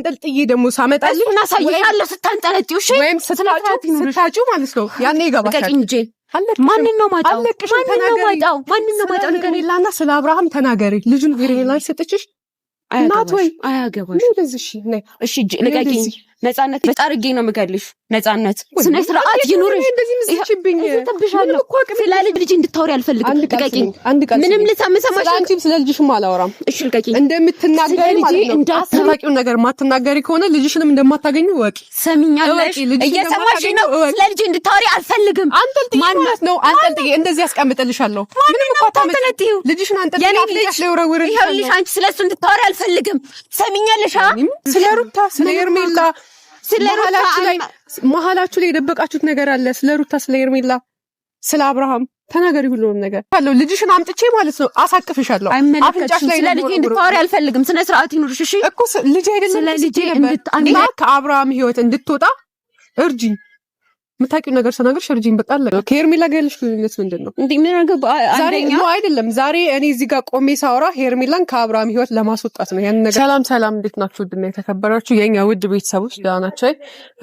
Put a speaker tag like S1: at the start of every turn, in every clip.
S1: እንጥልጥዬ ደግሞ ሳመጣልሽ
S2: እሱን አሳይሻለሁ። ስታንጠለጥዩ እሺ፣
S1: ወይም ስታጩ ማለት ነው። ያኔ ይገባሻል።
S2: ማንን ነው ማጣው? ማንን ነው ማጣው? ማንን ነው ማጣው?
S1: ነገር የላና ስለ አብርሃም ተናገሪ። ልጁን ሄሬላ ሰጠችሽ እናት ወይ አያገባሽ። እሺ፣
S2: እሺ፣ ንገሪኝ ነጻነት ጣርጌ ነው የምገልሽ። ነፃነት ስነ ስርዓት ይኑርሽ። ስለ ልጅ እንድታወሪ አልፈልግም። ልቀቂኝ። ምንም
S1: ስለ ልጅሽም አላወራም። እሺ ልቀቂኝ። እንደምትናገሪ እንዳታወቂው ነገር ማትናገሪ ከሆነ ልጅሽንም እንደማታገኙ ወቂ።
S2: ሰሚኛለሽ? እየሰማሽ ነው? ስለ ልጅ እንድታወሪ አልፈልግም።
S1: ማነት ነው አንጠልጥዬ እንደዚህ ያስቀምጥልሻለሁ።
S2: ምንም እኮ አታመጥልኝ።
S1: ልጅሽን አንቺ ስለ እሱ እንድታወሪ አልፈልግም። ሰሚኛለሽ? ስለ ሩታ ስለ ሄርሜላ ስለ መሀላችሁ ላይ የደበቃችሁት ነገር አለ። ስለ ሩታ፣ ስለ ኤርሜላ፣ ስለ አብርሃም ተናገሪ። ሁሉንም ነገር አለው። ልጅሽን አምጥቼ ማለት ነው አሳቅፍሻለሁ። አፍንጫሽ
S2: ላይ ስለ ልጄ እንድታወሪ አልፈልግም። ስነ ስርዓት ይኑርሽ እሺ። እኮ ልጅ አይደለም ስለ ልጄ
S1: ከአብርሃም ህይወት እንድትወጣ እርጂ የምታውቂው ነገር ተናገርሽ። ሸርጂን በጣም ለ ከሄርሜላ ጋር ያለሽ ግንኙነት ምንድን ነው? አይደለም። ዛሬ እኔ እዚህ ጋር ቆሜ ሳወራ ሄርሜላን ከአብርሃም ህይወት ለማስወጣት ነው ያን ነገር። ሰላም ሰላም፣ እንዴት ናችሁ? ውድና የተከበራችሁ የኛ ውድ ቤተሰቦች ደህና ናቸው።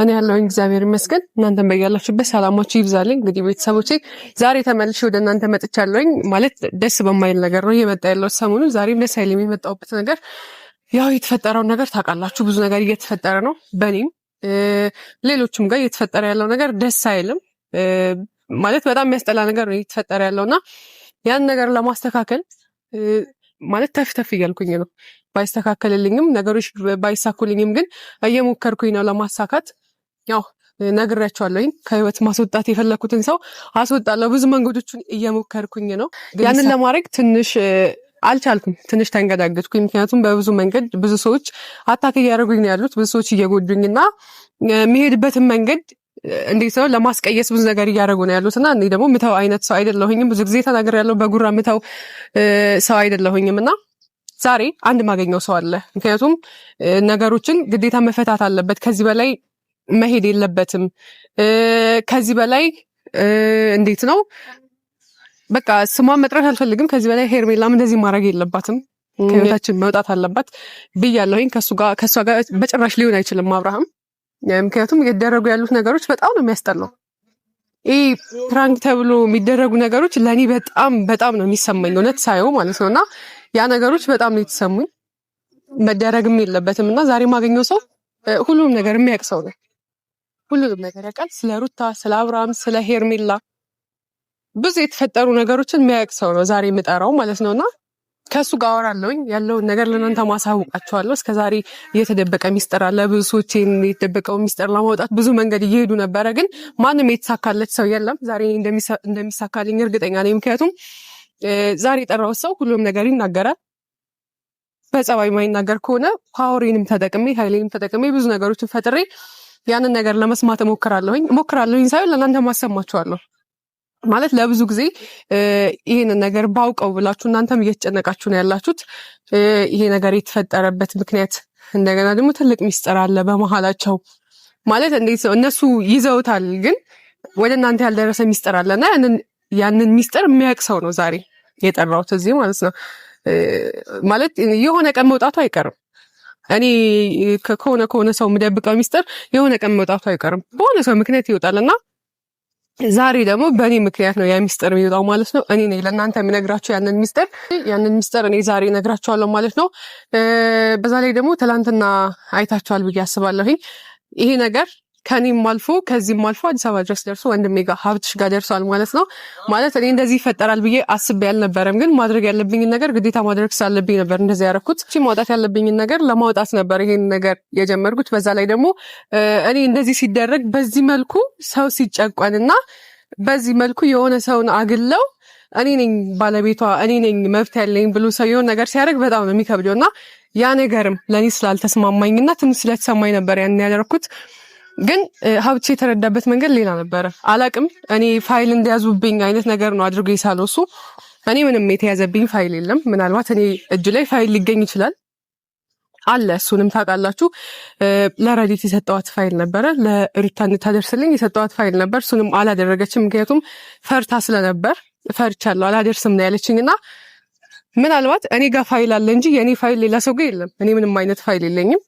S1: እኔ ያለሁኝ እግዚአብሔር ይመስገን፣ እናንተን በያላችሁበት ሰላማችሁ ይብዛልኝ። እንግዲህ ቤተሰቦች ዛሬ ተመልሼ ወደ እናንተ መጥቻለሁኝ። ማለት ደስ በማይል ነገር ነው እየመጣ ያለው ሰሞኑ። ዛሬም ደስ አይልም የመጣሁበት ነገር ያው የተፈጠረውን ነገር ታውቃላችሁ። ብዙ ነገር እየተፈጠረ ነው በእኔም ሌሎችም ጋር እየተፈጠረ ያለው ነገር ደስ አይልም። ማለት በጣም የሚያስጠላ ነገር ነው እየተፈጠረ ያለው እና ያን ነገር ለማስተካከል ማለት ተፍ ተፍ እያልኩኝ ነው። ባይስተካከልልኝም ነገሮች ባይሳኩልኝም ግን እየሞከርኩኝ ነው ለማሳካት ያው ነግሬያቸዋለሁኝ። ከህይወት ማስወጣት የፈለኩትን ሰው አስወጣለሁ። ብዙ መንገዶችን እየሞከርኩኝ ነው። ያንን ለማድረግ ትንሽ አልቻልኩም። ትንሽ ተንገዳገድኩኝ። ምክንያቱም በብዙ መንገድ ብዙ ሰዎች አታክ እያደረጉኝ ነው ያሉት፣ ብዙ ሰዎች እየጎዱኝ እና የሚሄድበትን መንገድ እንዴት ነው ለማስቀየስ ብዙ ነገር እያደረጉ ነው ያሉት እና እኔ ደግሞ ምተው አይነት ሰው አይደለሁኝም። ብዙ ጊዜ ተናገር ያለው በጉራ ምተው ሰው አይደለሁኝም እና ዛሬ አንድ ማገኘው ሰው አለ። ምክንያቱም ነገሮችን ግዴታ መፈታት አለበት። ከዚህ በላይ መሄድ የለበትም። ከዚህ በላይ እንዴት ነው በቃ ስሟን መጥራት አልፈልግም። ከዚህ በላይ ሄርሜላም እንደዚህ ማድረግ የለባትም ከህይወታችን መውጣት አለባት ብያለሁኝ። ከእሷ ጋር በጭራሽ ሊሆን አይችልም አብርሃም። ምክንያቱም እየተደረጉ ያሉት ነገሮች በጣም ነው የሚያስጠላው። ይህ ፕራንክ ተብሎ የሚደረጉ ነገሮች ለእኔ በጣም በጣም ነው የሚሰማኝ እውነት ሳየው ማለት ነው። እና ያ ነገሮች በጣም ነው የተሰሙኝ። መደረግም የለበትም እና ዛሬ ማገኘው ሰው ሁሉም ነገር የሚያውቅ ሰው ነው። ሁሉንም ነገር ያውቃል። ስለ ሩታ፣ ስለ አብርሃም፣ ስለ ሄርሜላ ብዙ የተፈጠሩ ነገሮችን የሚያውቅ ሰው ነው ዛሬ የምጠራው ማለት ነው እና ከእሱ ጋር አወራለሁኝ ያለውን ነገር ለእናንተ ማሳውቃቸዋለሁ። እስከ ዛሬ እየተደበቀ ሚስጥር አለ። ብዙ ሰዎች የተደበቀው ሚስጥር ለማውጣት ብዙ መንገድ እየሄዱ ነበረ፣ ግን ማንም የተሳካለት ሰው የለም። ዛሬ እንደሚሳካልኝ እርግጠኛ ነኝ። ምክንያቱም ዛሬ የጠራሁት ሰው ሁሉም ነገር ይናገራል። በጸባይ ማይናገር ከሆነ ፓወሬንም ተጠቅሜ ኃይሌንም ተጠቅሜ ብዙ ነገሮችን ፈጥሬ ያንን ነገር ለመስማት እሞክራለሁኝ እሞክራለሁኝ ሳይሆን ለእናንተ ማሰማችኋለሁ። ማለት ለብዙ ጊዜ ይህንን ነገር ባውቀው ብላችሁ እናንተም እየተጨነቃችሁ ነው ያላችሁት። ይሄ ነገር የተፈጠረበት ምክንያት እንደገና ደግሞ ትልቅ ሚስጥር አለ በመሀላቸው። ማለት እንዴት ነው እነሱ ይዘውታል፣ ግን ወደ እናንተ ያልደረሰ ሚስጥር አለና ያንን ሚስጥር የሚያውቅ ሰው ነው ዛሬ የጠራሁት እዚህ ማለት ነው። ማለት የሆነ ቀን መውጣቱ አይቀርም። እኔ ከሆነ ከሆነ ሰው የምደብቀው ሚስጥር የሆነ ቀን መውጣቱ አይቀርም። በሆነ ሰው ምክንያት ይወጣል እና ዛሬ ደግሞ በእኔ ምክንያት ነው ያ ሚስጥር የሚወጣው ማለት ነው። እኔ ነኝ ለእናንተ የምነግራቸው ያንን ሚስጥር ያንን ሚስጥር እኔ ዛሬ እነግራቸዋለሁ ማለት ነው። በዛ ላይ ደግሞ ትላንትና አይታቸዋል ብዬ አስባለሁኝ ይሄ ነገር ከኔም አልፎ ከዚህም አልፎ አዲስ አበባ ድረስ ደርሶ ወንድሜ ጋር ሀብትሽ ጋር ደርሷል ማለት ነው። ማለት እኔ እንደዚህ ይፈጠራል ብዬ አስቤ አልነበረም፣ ግን ማድረግ ያለብኝን ነገር ግዴታ ማድረግ ስላለብኝ ነበር እንደዚህ ያደረኩት። ማውጣት ያለብኝን ነገር ለማውጣት ነበር ይሄን ነገር የጀመርኩት። በዛ ላይ ደግሞ እኔ እንደዚህ ሲደረግ በዚህ መልኩ ሰው ሲጨቆንና በዚህ መልኩ የሆነ ሰውን አግለው እኔ ነኝ ባለቤቷ እኔ ነኝ መብት ያለኝ ብሎ ሰው የሆነ ነገር ሲያደርግ በጣም ነው የሚከብደው እና ያ ነገርም ለእኔ ስላልተስማማኝና ትንሽ ስለተሰማኝ ነበር ያን ያደረኩት። ግን ሀብቼ የተረዳበት መንገድ ሌላ ነበረ። አላቅም እኔ ፋይል እንደያዙብኝ አይነት ነገር ነው አድርጎ የሳለው እሱ። እኔ ምንም የተያዘብኝ ፋይል የለም። ምናልባት እኔ እጅ ላይ ፋይል ሊገኝ ይችላል አለ። እሱንም ታውቃላችሁ። ለረዲት የሰጠዋት ፋይል ነበረ፣ ለሩታ እንድታደርስልኝ የሰጠዋት ፋይል ነበር። እሱንም አላደረገችም፣ ምክንያቱም ፈርታ ስለነበር ፈርቻለሁ አላደርስም ነው ያለችኝ እና ምናልባት እኔ ጋር ፋይል አለ እንጂ የእኔ ፋይል ሌላ ሰው ጋር የለም። እኔ ምንም አይነት ፋይል የለኝም።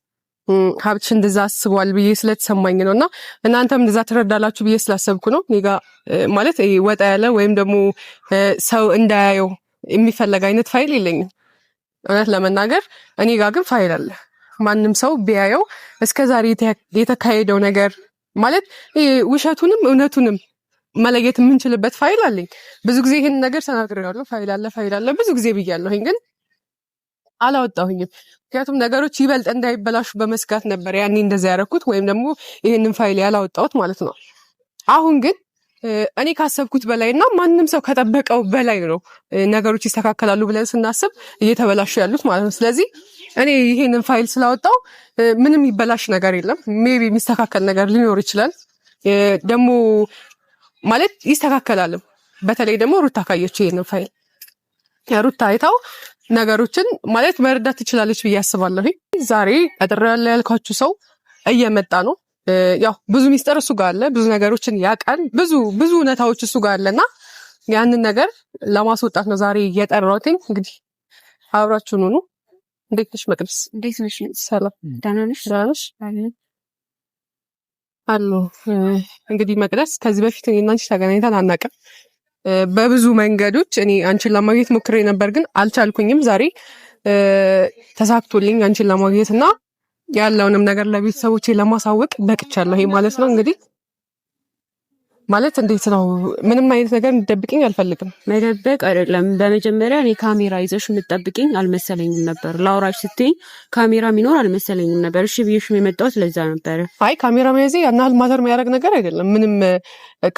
S1: ሀብትሽ እንደዛ አስቧል ብዬ ስለተሰማኝ ነው እና እናንተም እንደዛ ትረዳላችሁ ብዬ ስላሰብኩ ነው። እኔ ጋ ማለት ወጣ ያለ ወይም ደግሞ ሰው እንዳያየው የሚፈለግ አይነት ፋይል የለኝም እውነት ለመናገር እኔ ጋ ግን ፋይል አለ። ማንም ሰው ቢያየው እስከ ዛሬ የተካሄደው ነገር ማለት ውሸቱንም እውነቱንም መለየት የምንችልበት ፋይል አለኝ። ብዙ ጊዜ ይህን ነገር ተናግሬያለሁ። ፋይል አለ ፋይል አለ ብዙ ጊዜ ብያለሁኝ ግን አላወጣሁኝም። ምክንያቱም ነገሮች ይበልጥ እንዳይበላሹ በመስጋት ነበር ያኔ እንደዛ ያደረኩት ወይም ደግሞ ይህንን ፋይል ያላወጣሁት ማለት ነው። አሁን ግን እኔ ካሰብኩት በላይ እና ማንም ሰው ከጠበቀው በላይ ነው ነገሮች ይስተካከላሉ ብለን ስናስብ እየተበላሹ ያሉት ማለት ነው። ስለዚህ እኔ ይሄንን ፋይል ስላወጣው ምንም ይበላሽ ነገር የለም። ሜቢ የሚስተካከል ነገር ሊኖር ይችላል ደግሞ ማለት ይስተካከላልም። በተለይ ደግሞ ሩታ ካየችው ይሄንን ፋይል ሩታ አይታው ነገሮችን ማለት መረዳት ትችላለች ብዬ አስባለሁ። ዛሬ ቀጥሬ ያልኳችሁ ሰው እየመጣ ነው። ያው ብዙ ሚስጥር እሱ ጋር አለ፣ ብዙ ነገሮችን ያውቃል፣ ብዙ ብዙ እውነታዎች እሱ ጋር አለ እና ያንን ነገር ለማስወጣት ነው ዛሬ እየጠራሁት። እንግዲህ አብራችሁን ሁኑ። እንዴት ነሽ መቅደስ? እንዴት ነሽ? ሰላም ደህና ነሽ? ደህና ነሽ አሉ። እንግዲህ መቅደስ ከዚህ በፊት እኔ እና አንቺ ተገናኝተን አናውቅም። በብዙ መንገዶች እኔ አንቺን ለማግኘት ሞክሬ ነበር፣ ግን አልቻልኩኝም። ዛሬ ተሳክቶልኝ አንቺን ለማግኘት እና ያለውንም ነገር ለቤተሰቦቼ ለማሳወቅ በቅቻለሁ። ይሄ ማለት ነው እንግዲህ ማለት እንዴት ነው? ምንም አይነት ነገር እንደብቅኝ አልፈልግም።
S2: መደበቅ አይደለም። በመጀመሪያ እኔ ካሜራ ይዘሽ የምትጠብቅኝ አልመሰለኝም ነበር። ላውራሽ ስትይኝ ካሜራ ሚኖር አልመሰለኝም ነበር። እሺ ብዬሽም የመጣሁት ለዛ ነበር።
S1: አይ ካሜራ መያዜ ያናህል ማተር የሚያደርግ ነገር አይደለም። ምንም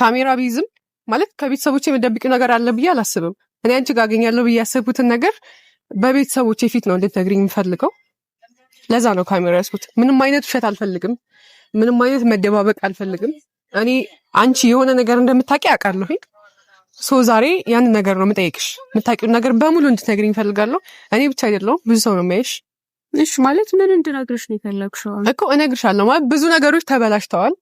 S1: ካሜራ ቢይዝም ማለት ከቤተሰቦች የምደብቂው ነገር አለ ብዬ አላስብም። እኔ አንቺ ጋር አገኛለሁ ብዬ ያሰብኩትን ነገር በቤተሰቦች ፊት ነው እንድትነግሪኝ የምፈልገው። ለዛ ነው ካሜራ ያስኩት። ምንም አይነት ውሸት አልፈልግም። ምንም አይነት መደባበቅ አልፈልግም። እኔ አንቺ የሆነ ነገር እንደምታውቂ አውቃለሁ። ሶ ዛሬ ያን ነገር ነው የምጠይቅሽ። የምታውቂውን ነገር በሙሉ እንድትነግሪኝ እፈልጋለሁ። እኔ ብቻ አይደለሁም ብዙ ሰው ነው የሚያይሽ።
S2: እሺ ማለት ምን እንድነግርሽ ነው የፈለግሽው?
S1: እኮ እነግርሻለሁ። ማለት ብዙ ነገሮች ተበላሽተዋል።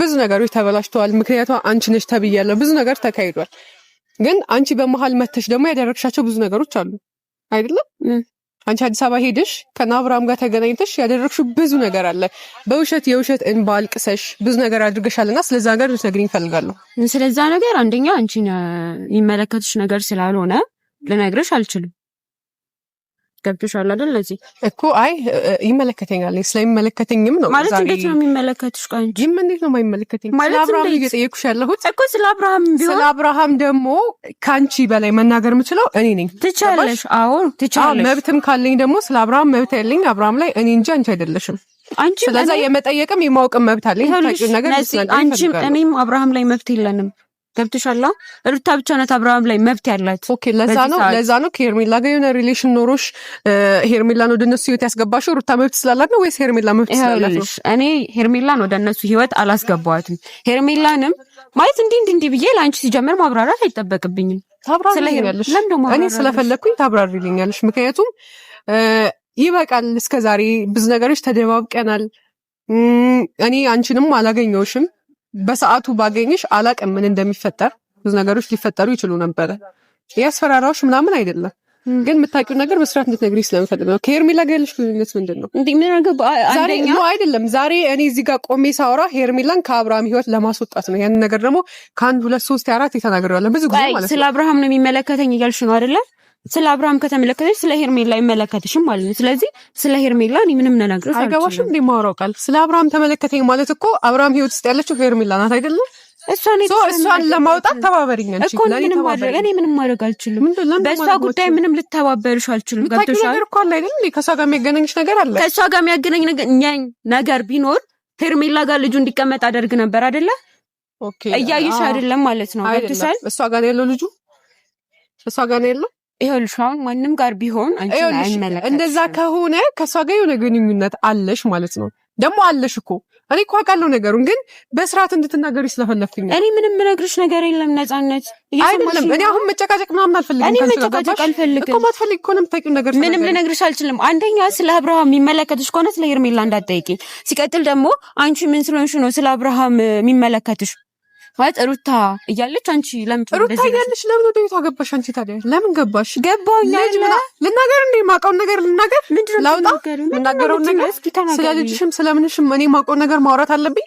S1: ብዙ ነገሮች ተበላሽተዋል። ምክንያቷ አንቺ ነሽ ተብያለሁ። ብዙ ነገር ተካሂዷል። ግን አንቺ በመሀል መተሽ ደግሞ ያደረግሻቸው ብዙ ነገሮች አሉ አይደለም። አንቺ አዲስ አበባ ሄደሽ ከናብራም ጋር ተገናኝተሽ ያደረግሽው ብዙ ነገር አለ። በውሸት የውሸት እንባ አልቅሰሽ ብዙ ነገር አድርገሻልና ስለዛ ነገር ልትነግሪኝ እፈልጋለሁ።
S2: ስለዛ ነገር አንደኛ አንቺን የሚመለከትሽ ነገር ስላልሆነ ልነግርሽ አልችልም። ገብቶሻል አይደል? ለዚህ
S1: እኮ አይ ይመለከተኛል ስለሚመለከተኝም
S2: ነው ማለት። እንዴት ነው የሚመለከትሽ?
S1: ቆንጆ ይህም እንዴት ነው የማይመለከተኝ? ስለ አብርሃም እየጠየኩሽ ያለሁት
S2: እኮ ስለ አብርሃም
S1: ቢሆን ስለ አብርሃም ደግሞ ከአንቺ በላይ መናገር የምችለው እኔ ነኝ።
S2: ትቻለሽ። አዎ ትቻለሽ።
S1: መብትም ካለኝ ደግሞ ስለ አብርሃም መብት ያለኝ አብርሃም ላይ እኔ እንጂ አንቺ አይደለሽም።
S2: አንቺ ስለዛ የመጠየቅም የማወቅም መብት አለኝ። ነገር አንቺም እኔም አብርሃም ላይ መብት የለንም። ገብቶሻል። ሩታ ብቻ ናት አብርሃም ላይ መብት ያላት።
S1: ለዛ ነው ለዛ ነው ከሄርሜላ ጋር የሆነ ሪሌሽን ኖሮሽ ሄርሜላን ወደ እነሱ ህይወት ያስገባሽው ሩታ መብት ስላላት ነው ወይስ ሄርሜላ መብት
S2: ስላላት ነው? እኔ ሄርሜላን ወደ እነሱ ህይወት አላስገባዋትም። ሄርሜላንም ማለት እንዲህ እንዲህ እንዲህ ብዬ ለአንቺ ሲጀምር ማብራራት አይጠበቅብኝም። ታብራሪልኛለሽ።
S1: እኔ ስለፈለግኩኝ ታብራሪልኛለሽ። ምክንያቱም ይበቃል። እስከዛሬ ብዙ ነገሮች ተደባብቀናል። እኔ አንቺንም አላገኘውሽም በሰዓቱ ባገኝሽ አላቅም ምን እንደሚፈጠር ብዙ ነገሮች ሊፈጠሩ ይችሉ ነበረ። ያስፈራራዎች ምናምን አይደለም ግን የምታውቂው ነገር በስርዓት እንድትነግሪኝ ስለምፈልግ ነው። ከሄርሜላ ጋር ያለሽ ግንኙነት ምንድን
S2: ነው?
S1: አይደለም ዛሬ እኔ እዚህ ጋር ቆሜ ሳውራ ሄርሜላን ከአብርሃም ህይወት ለማስወጣት ነው። ያንን ነገር ደግሞ ከአንድ ሁለት ሶስት አራት የተናገረዋለን
S2: ብዙ ጊዜ ማለት ነው። ስለ አብርሃም ነው የሚመለከተኝ እያልሽ ነው አይደለም ስለ አብርሃም ከተመለከተች ስለ ሄርሜላ ይመለከትሽም ማለት ነው። ስለዚህ ስለ ሄርሜላ እኔ ምንም ነናግረሽ
S1: አይገባሽም። እንደ ማወራው ቃል ስለ አብርሃም ተመለከተኝ ማለት እኮ አብርሃም ህይወት ውስጥ ያለችው ሄርሜላ ናት አይደለም? እሷን ለማውጣት ተባበሪኝ
S2: እኮ ምንም ማድረግ እኔ ምንም ማድረግ አልችልም። በእሷ ጉዳይ ምንም ልተባበርሽ አልችልም።
S1: ገብቶሻል እኮ አለ አይደል? ከእሷ ጋር የሚያገናኝሽ ነገር አለ።
S2: ከእሷ ጋር የሚያገናኝ ነገር እኛኝ ነገር ቢኖር ሄርሜላ ጋር ልጁ እንዲቀመጥ አደርግ ነበር አይደለ? እያየሽ አይደለም ማለት ነው።
S1: ገብቶሻል? እሷ ጋር ያለው ልጁ እሷ ጋር ነው ያለው
S2: ይኸውልሽ አሁን ማንም ጋር ቢሆን
S1: እንደዛ ከሆነ ከእሷ ጋር የሆነ ግንኙነት አለሽ ማለት ነው። ደግሞ አለሽ እኮ እኔ እኮ አውቃለሁ ነገሩን፣ ግን በስርዓት እንድትናገሪ ስለፈለግኩኝ
S2: እኔ ምንም ምነግርሽ ነገር የለም። ነፃነት
S1: አይደለም። እኔ አሁን መጨቃጨቅ ምናምን አልፈልግም።
S2: እኔ መጨቃጨቅ አልፈልግም
S1: እኮ ማትፈልግ ከሆነ የምታውቂው ነገር
S2: ምንም ልነግርሽ አልችልም። አንደኛ ስለ አብርሃም የሚመለከትሽ ከሆነ ስለ ሄርሜላ እንዳትጠይቂ። ሲቀጥል ደግሞ አንቺ ምን ስለሆንሽ ነው ስለ አብርሃም የሚመለከትሽ? ማለት ሩታ እያለች አንቺ
S1: ለምን ሩታ እያለች ለምን ወደ ቤቷ ገባሽ? አንቺ ታዲያ ለምን ገባሽ? ገባሁኝ ልናገር እንዴ ማውቀውን ነገር ልናገር ላውጣ የምናገረውን ነገር ስለ ልጅሽም ስለምንሽም እኔ ማውቀውን ነገር ማውራት አለብኝ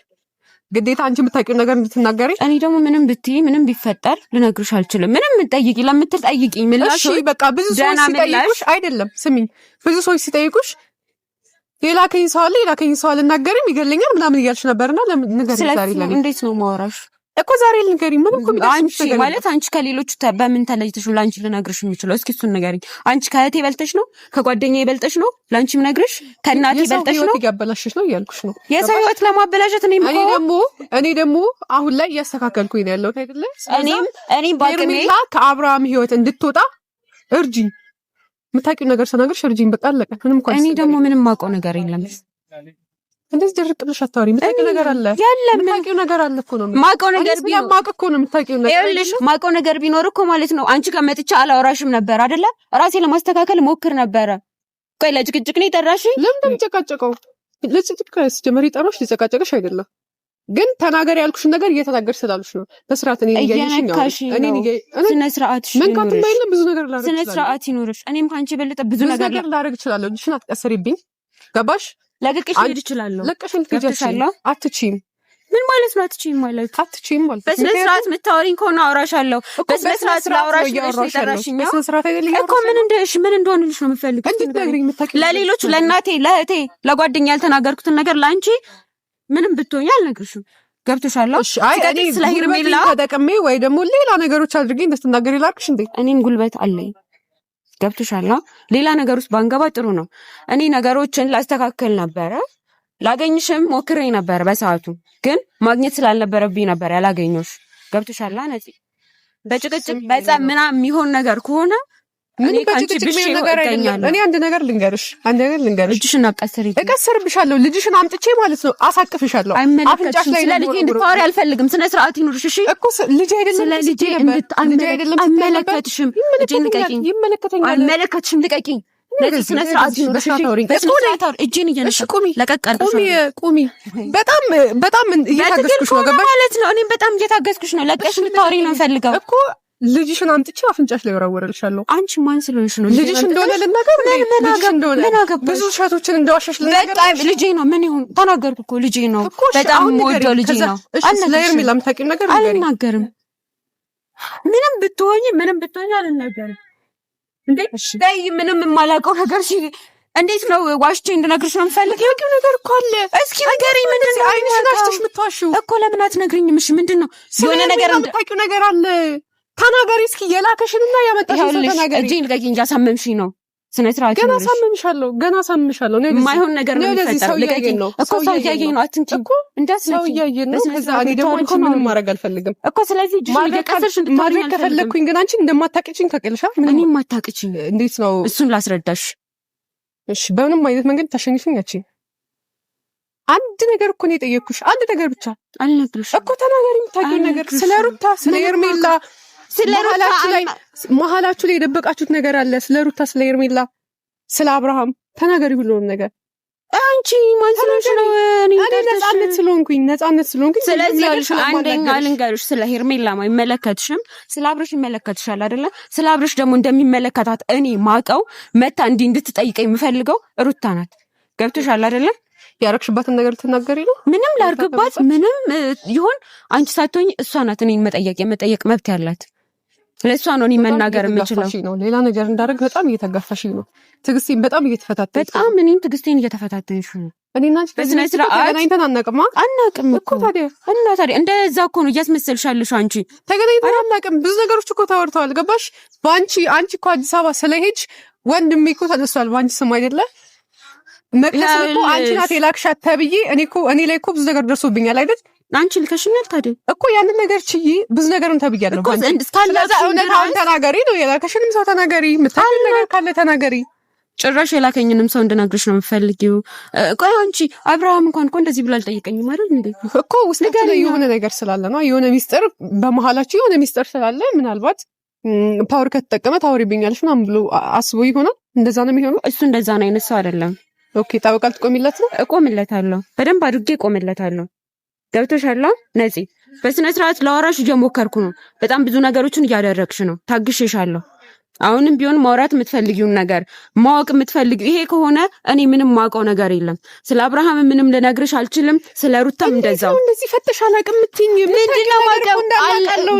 S1: ግዴታ አንቺ የምታውቂው ነገር እንድትናገሪ።
S2: እኔ ደግሞ ምንም ብትይ ምንም ቢፈጠር ልነግርሽ አልችልም። ምንም ጠይቂ ለምትል ጠይቂ
S1: ምላሽ በቃ። ብዙ ሰዎች ሲጠይቁሽ አይደለም ስሚኝ፣ ብዙ ሰዎች ሲጠይቁሽ የላከኝ ሰው አለ የላከኝ ሰው አልናገርም ይገለኛል ምናምን እያልሽ ነበርና፣ ለምን ነገር
S2: ዛሬ እንዴት ነው ማወራሽ?
S1: እኮ ዛሬ ልንገሪ
S2: ምንም እኮ አንቺ ማለት አንቺ ከሌሎች በምን ተለይተሽ ነው ለአንቺ ልነግርሽ የምችለው? እስኪ እሱን ንገሪኝ። አንቺ ከእህቴ በልጠሽ ነው? ከጓደኛ የበልጠሽ ነው? ለአንቺ ምነግርሽ ከእናቴ በልጠሽ ነው?
S1: ያበላሸሽ ነው እያልኩሽ ነው።
S2: የሰው ህይወት ለማበላሸት እኔ
S1: ደግሞ እኔ ደግሞ አሁን ላይ እያስተካከልኩኝ ነው ያለሁት
S2: አይደለ? እኔም እኔም
S1: ባቅሜ ከአብርሃም ህይወት እንድትወጣ እርጂኝ። የምታውቂው ነገር ስነግርሽ እርጂኝ። በቃ አለቀ።
S2: ምንም እኮ እኔ ደግሞ ምንም ማውቀው ነገር የለም
S1: እንዴት ድርቅ ብለሽ አታወሪም። የምታውቂው ነገር አለ የለም? የምታውቂው ነገር አለ እኮ ነው። የማውቀው ነገር ቢኖር ማውቅ እኮ ነው። የምታውቂው
S2: ነገር ይኸውልሽ፣ ማውቀው ነገር ቢኖር እኮ ማለት ነው አንቺ ጋር መጥቼ አላወራሽም ነበር አይደለ? ራሴ ለማስተካከል ሞክር ነበረ። ቆይ ለጭቅጭቅ ነው የጠራሽኝ?
S1: ለምን እንደምጨቃጨቀው ለጭቅጭቅ ሲጀመር የጠራሽ ሊጨቃጨቀሽ አይደለም ግን ተናገር ያልኩሽን ነገር እየተናገርሽ ስላሉሽ ነው። በስርዓት እኔ
S2: እያየሽ ነው። ስርዓት
S1: ምን ካትማ የለም ብዙ ነገር
S2: ላረግ ስነ ስርዓት ይኖርሽ። እኔም ከአንቺ የበለጠ ብዙ ነገር
S1: ላረግ እችላለሁ። ሽን አትቀስሪብኝ። ገባሽ?
S2: ምን ማለት ነው አትችይም? ማለት
S1: አትችይም ማለት
S2: በስነ ስርዓት የምታወሪኝ ከሆነ አውራሻለሁ። በስነ ስርዓት ላውራሽ እኮ። ምን እንደሽ ምን እንደሆንልሽ
S1: ነው የምፈልገው።
S2: ለሌሎች ለእናቴ፣ ለእህቴ፣ ለጓደኛ ያልተናገርኩትን ነገር ለአንቺ ምንም ብትሆኝ አልነግርሽም። ገብቶሻል።
S1: ስለ ሄርሜላ ተጠቅሜ ወይ ደግሞ ሌላ ነገሮች አድርጌ እንደስትናገር ይላልሽ እንዴ?
S2: እኔን ጉልበት አለኝ ገብቶሻልና ሌላ ነገር ውስጥ ባንገባ ጥሩ ነው። እኔ ነገሮችን ላስተካከል ነበረ። ላገኝሽም ሞክሬ ነበረ በሰዓቱ ግን ማግኘት ስላልነበረብኝ ነበር ያላገኘሽ። ገብቶሻል። ነፂ በጭቅጭቅ በፀብ ምናምን የሚሆን ነገር ከሆነ
S1: ምን ነገር አይደለም። እኔ አንድ ነገር ልንገርሽ፣ አንድ ነገር ልንገርሽ፣ ልጅሽን እቀስርብሻለሁ። ልጅሽን አምጥቼ ማለት ነው አሳቅፍሻለሁ።
S2: አፍንጫሽ ላይ ለልጄ እንድታወሪ አልፈልግም። ስነ ስርዓት ይኑርሽ። እሺ
S1: እኮ ልጅ አይደለም
S2: አይመለከትሽም። ይመለከተኛል። አይመለከትሽም። ልቀቂኝ።
S1: በጣም በጣም እየታገስኩሽ
S2: ነው። ማለት ነው። እኔም በጣም እየታገስኩሽ ነው። ለቀሽ ነው ፈልገው
S1: እኮ ልጅሽን አምጥቼ አፍንጫሽ ላይ ወረወረልሻለሁ።
S2: አንቺ ማን ስለሆንሽ
S1: ነው ልጅሽ እንደሆነ ልናገር? ምን አገባሽ? ብዙ ውሸቶችን እንደዋሸሽ
S2: ልጄ ነው። ምን ይሁን ተናገርኩ እኮ ልጄ ነው። በጣም የምወደው ልጄ ነው።
S1: ስለሄርሜላ የምታውቂው ነገር
S2: አልናገርም። ምንም ብትሆኝ ምንም ብትሆኝ አልናገርም። እንዴ ይ ምንም የማላውቀው ነገር ሲ እንዴት ነው ዋሽቼ እንድነግርሽ ነው የምፈልግ።
S1: ያውቂው ነገር እኮ አለ።
S2: እስኪ ንገሪኝ።
S1: ምንድን ነው አይንሽ ጋሽተሽ የምትዋሺው
S2: እኮ? ለምን አትነግሪኝም? እሺ ምንድን ነው
S1: የሆነ ነገር የምታውቂው ነገር አለ ተናገሪ እስኪ የላከሽንና ያመጣሽን
S2: ሰው ተናገሪ። እጄን ልቀቂኝ፣ እያሳመምሽኝ ነው። ስነ ስርዓት ገና
S1: ሳምምሻለሁ፣ ገና ሳምምሻለሁ። የማይሆን ነገር ነው የሚፈጠረው።
S2: ልቀቂኝ እኮ ሰው እያየኝ ነው።
S1: አትንኪ እንዳትነኪኝ፣ ሰው እያየን ነው። ከዛ እኔ ደግሞ አንቺ ምንም ማድረግ አልፈልግም እኮ። ስለዚህ እጅሽ ማድረግ ከፈለግኩኝ ግን አንቺ እንደማታቅችኝ ከቅልሻ
S2: ምን ማታቅችኝ? እንዴት ነው? እሱን ላስረዳሽ።
S1: እሺ በምንም አይነት መንገድ ታሸንፊኝ ያቺ አንድ ነገር እኮ ነው የጠየቅኩሽ፣ አንድ ነገር ብቻ አልነግርሽም እኮ። ተናገሪ የምታውቂውን ነገር ስለ ሩታ ስለ ኤርሜላ ስለ መሀላችሁ ላይ የደበቃችሁት ነገር አለ። ስለ ሩታ፣ ስለ ኤርሜላ፣ ስለ አብርሃም ተናገሪ ሁሉንም ነገር
S2: አንቺ ማንስሎሽ ነው
S1: ነጻነት ስለሆንኩኝ ነጻነት ስለሆንኩኝ።
S2: ስለዚህ አንደኛ ልንገርሽ፣ ስለ ሄርሜላ ይመለከትሽም፣ ስለ አብረሽ ይመለከትሻል አይደለ? ስለ አብረሽ ደግሞ እንደሚመለከታት እኔ ማቀው መታ እንዲህ እንድትጠይቀ የምፈልገው ሩታ ናት። ገብቶሻል አይደለም?
S1: ያረግሽባትን ነገር ልትናገሪ ነው።
S2: ምንም ላርግባት ምንም ይሁን አንቺ ሳትሆኝ እሷ ናት እኔን መጠየቅ የመጠየቅ መብት ያላት። ለእሷ ነው እኔ መናገር
S1: የምችለው። ነው ሌላ ነገር እንዳደረግ በጣም እየተጋፋሽ ነው። ትግስቴን በጣም እየተፈታተንሽ
S2: በጣም እኔም ትግስቴን እየተፈታተንሽ ነው።
S1: እኔና በስነ ስርዓት ተገናኝተን አናውቅም
S2: አናውቅም እኮ እና ታዲያ እንደዛ እኮ ነው እያስመሰልሻለሽ አንቺ።
S1: ተገናኝተን አናውቅም። ብዙ ነገሮች እኮ ታወርተዋል። ገባሽ? በአንቺ አንቺ እኮ አዲስ አበባ ስለሄድሽ ወንድሜ እኮ ተነሷል። በአንቺ ስም አይደለ መቅደስ እኮ አንቺ ናት የላክሻት ተብዬ እኔ እኮ እኔ ላይ እኮ ብዙ ነገር ደርሶብኛል አይደል?
S2: አንቺ ልከሽኛል። ታዲ
S1: እኮ ያንን ነገር ችዬ ብዙ ነገርን ተብያለሁ። ስለዛ እውነታውን ተናገሪ ነው የላከሽንም ሰው ተናገሪ፣ ምታል ነገር ካለ ተናገሪ።
S2: ጭራሽ የላከኝንም ሰው እንድናግርሽ ነው የምፈልጊው። ቆይ አንቺ አብርሃም እንኳን እኮ እንደዚህ ብሎ አልጠየቀኝም አይደል እንዴ?
S1: እኮ ውስጥ የሆነ ነገር ስላለ ነው የሆነ ሚስጥር በመሀላችሁ የሆነ ሚስጥር ስላለ ምናልባት ፓወር ከተጠቀመ ታወሪብኛለሽ ምናምን ብሎ አስቦ ይሆናል። እንደዛ ነው የሚሆነው።
S2: እሱ እንደዛ ነው አይነት ሰው አይደለም።
S1: ኦኬ ጠበቃ ትቆሚለት ነው?
S2: እቆምለታለሁ። በደንብ አድርጌ እቆምለታለሁ። ገብቶሻል ነፂ? በስነ ስርዓት ላወራሽ እየሞከርኩ ነው። በጣም ብዙ ነገሮችን እያደረግሽ ነው። ታግሼሻለሁ። አሁንም ቢሆን ማውራት የምትፈልጊውን ነገር ማወቅ የምትፈልጊው ይሄ ከሆነ እኔ ምንም ማውቀው ነገር የለም። ስለ አብርሃም ምንም ልነግርሽ አልችልም። ስለ ሩታም እንደዛው።
S1: እንደዚህ ፈተሽ አላውቅም የምትይኝ
S2: ምንድን ማውቀው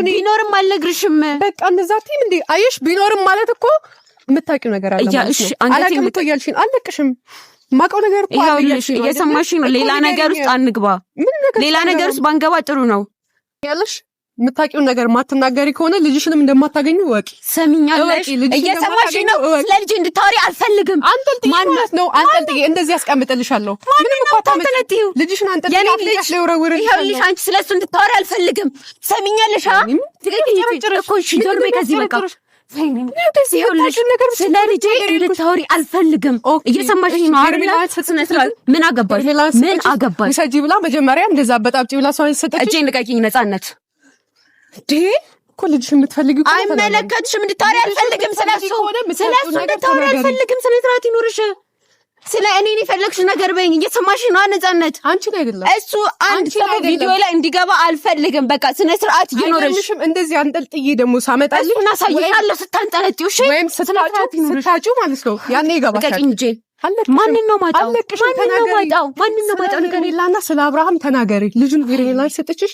S2: ቢኖርም አልነግርሽም።
S1: በቃ እንደዛ ቲም እንዴ? አየሽ፣ ቢኖርም ማለት እኮ የምታውቂው ነገር አለ ማለት ነው። አላውቅም እኮ እያልሽኝ አለቅሽም ማቀው ነገር
S2: እኮ እየሰማሽ ነው። ሌላ ነገር ውስጥ አንግባ። ሌላ ነገር ውስጥ ባንገባ ጥሩ ነው
S1: ያለሽ የምታውቂውን ነገር ማትናገሪ ከሆነ ልጅሽንም እንደማታገኙ ወቂ።
S2: ሰሚኛለሽ? እየሰማሽ ነው? ስለ ልጅ እንድታወሪ አልፈልግም።
S1: አንጠልጥዬ ነው። አንጠልጥዬ እንደዚህ ያስቀምጥልሻለሁ።
S2: ምንም እኮ ታመጥነው ልጅሽን አንጠልጥዬ ለውረውር ይኸውልሽ፣ አንቺ ስለ እሱ እንድታወሪ አልፈልግም። ሰሚኛለሽ? ትግል ይጭርጭር እኮ ከዚህ በቃ ስለ ልጄ እንድታወሪ አልፈልግም። እየሰማሽኝ ነው ምን አገባሽ? ምን አገባሽ?
S1: ውሰጂ ብላ መጀመሪያ እንደዛ አበጣብጪ ብላ ሰው
S2: ሰጠች። እጄን ልቀቂኝ። ነፃነት
S1: እኮ ልጅሽ የምትፈልጊው
S2: አይመለከትሽም። እንድታወሪ አልፈልግም። ስለሱ ስለሱ እንድታወሪ አልፈልግም። ስነ ስርዓት ይኑርሽ። ስለ እኔን የፈለግሽ ነገር በይኝ። እየሰማሽ ነው ነፃነት? አንቺ ነው አይደለም እሱ አንድ ሰው ቪዲዮ ላይ እንዲገባ አልፈልግም። በቃ ስነ ስርዓት ይኖርሽ።
S1: እንደዚህ አንጠልጥዬ ደግሞ ሳመጣልሽ
S2: እና ሳይሻለ ስታንጠለጥ እሺ፣ ወይም
S1: ስታጩ ማለት ነው ያኔ ይገባሻል
S2: እንጂ ማንን ነው ማጣው? ማንን ነው ማጣው? ማንን ነው ማጣው?
S1: ነገር የላና ስለ አብርሃም ተናገሪ። ልጁን ላይ ሰጥችሽ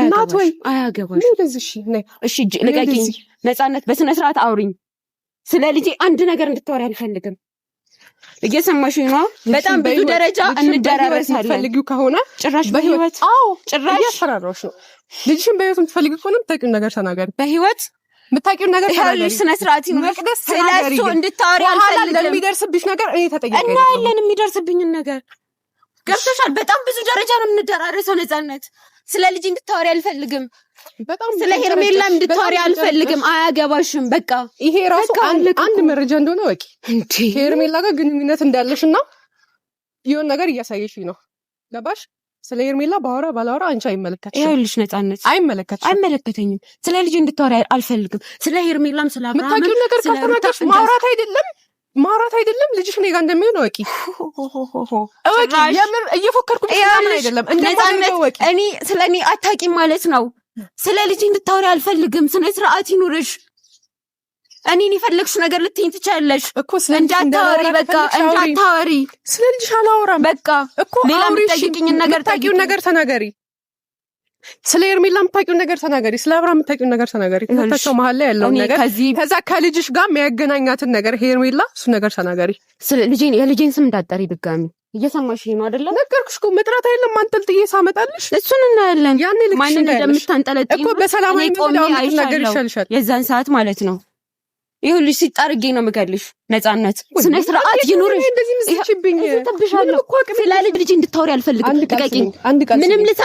S1: እናት ወይ አያገባሽ። እሺ
S2: እሺ፣ ልቀቂኝ ነፃነት፣ በስነ ስርዓት አውሪኝ። ስለ ልጄ አንድ ነገር እንድታወሪ አልፈልግም። እየሰማሽኝ ነው። በጣም ብዙ ደረጃ
S1: እንደራረስ የምትፈልጊው ከሆነ ጭራሽ በህይወት አዎ፣ ጭራሽ እያስፈራራሁሽ ነው። ልጅሽን በህይወት የምትፈልጊ ከሆነ የምታውቂውን ነገር ተናገሪ። በህይወት የምታውቂውን ነገር
S2: ተናገሪ። ስነ ስርዓት መቅደስ ስለሱ እንድታወሪ አልፈልግም።
S1: ለሚደርስብሽ ነገር እኔ
S2: ተጠያቂ እና ያለን የሚደርስብኝን ነገር ገብቶሻል። በጣም ብዙ ደረጃ ነው የምንደራረሰው ነፃነት ስለ ልጅ እንድታወሪ አልፈልግም። በጣም ስለ ሄርሜላ እንድታወሪ አልፈልግም። አያገባሽም። በቃ
S1: ይሄ ራሱ አንድ መረጃ እንደሆነ ወቂ ሄርሜላ ጋር ግንኙነት እንዳለሽ እና የሆን ነገር እያሳየሽ ነው። ገባሽ? ስለ ሄርሜላ ባወራ ባላወራ አንቺ አይመለከትሽም።
S2: ይኸውልሽ ነፃነት አይመለከትሽም፣ አይመለከተኝም። ስለ ልጅ እንድታወሪ አልፈልግም። ስለ ሄርሜላም ስለ
S1: ምታውቂው ነገር ካስተናገርሽ ማውራት አይደለም ማውራት አይደለም ልጅሽ እኔ ጋር እንደሚሆን እወቂ እወቂ። የምር እየፎከርኩ
S2: ምናምን አይደለም። እኔ ስለ እኔ አታውቂም ማለት ነው። ስለ ልጅ እንድታወሪ አልፈልግም። ስነ ስርዓት ይኑርሽ። እኔን የፈለግሽ ነገር ልትይኝ ትችያለሽ። እንዳታወሪ በቃ እንዳታወሪ።
S1: ስለ ልጅሽ አላወራም
S2: በቃ። ሌላ የምትጠይቅኝን ነገር
S1: ታውቂውን ነገር ተናገሪ። ስለ ኤርሜላ የምታውቂውን ነገር ተናገሪ። ስለ አብራ የምታውቂውን ነገር ተናገሪ። ሁለታቸው መሀል ላይ ያለውን ነገር ከዛ ከልጅሽ ጋር የሚያገናኛትን ነገር ሄርሜላ፣ እሱ ነገር ተናገሪ።
S2: የልጄን ስም እንዳጠሪ ድጋሚ እየሰማሽ ነው አይደለም?
S1: ነገርኩሽ እኮ መጥራት አይደለም አንጠልጥዬ ሳመጣልሽ
S2: እሱን እናያለን። ያኔ ልክሽ
S1: ነው እኮ በሰላማዊ ነገር ይሻልሻል
S2: የዛን ሰዓት ማለት ነው። ይኸውልሽ ሲጥ አድርጌ ነው የምገልሽ። ነፃነት ስነ ስርዓት ይኑርሽ። ስለ ልጅ እንድታወሪ አልፈልግም።
S1: ልቀቂኝ። ምንም ልሳ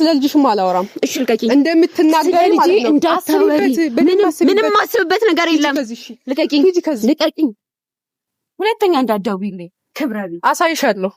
S1: ስለ ልጅሽም አላወራም። እሺ ልቀቂኝ። እንደምትናገሪ እንዳታወሪ ምንም ማስብበት ነገር የለም። ልቀቂኝ፣ ልቀቂኝ። ሁለተኛ እንዳትደውይልኝ። ክብረ አሳይሻለሁ።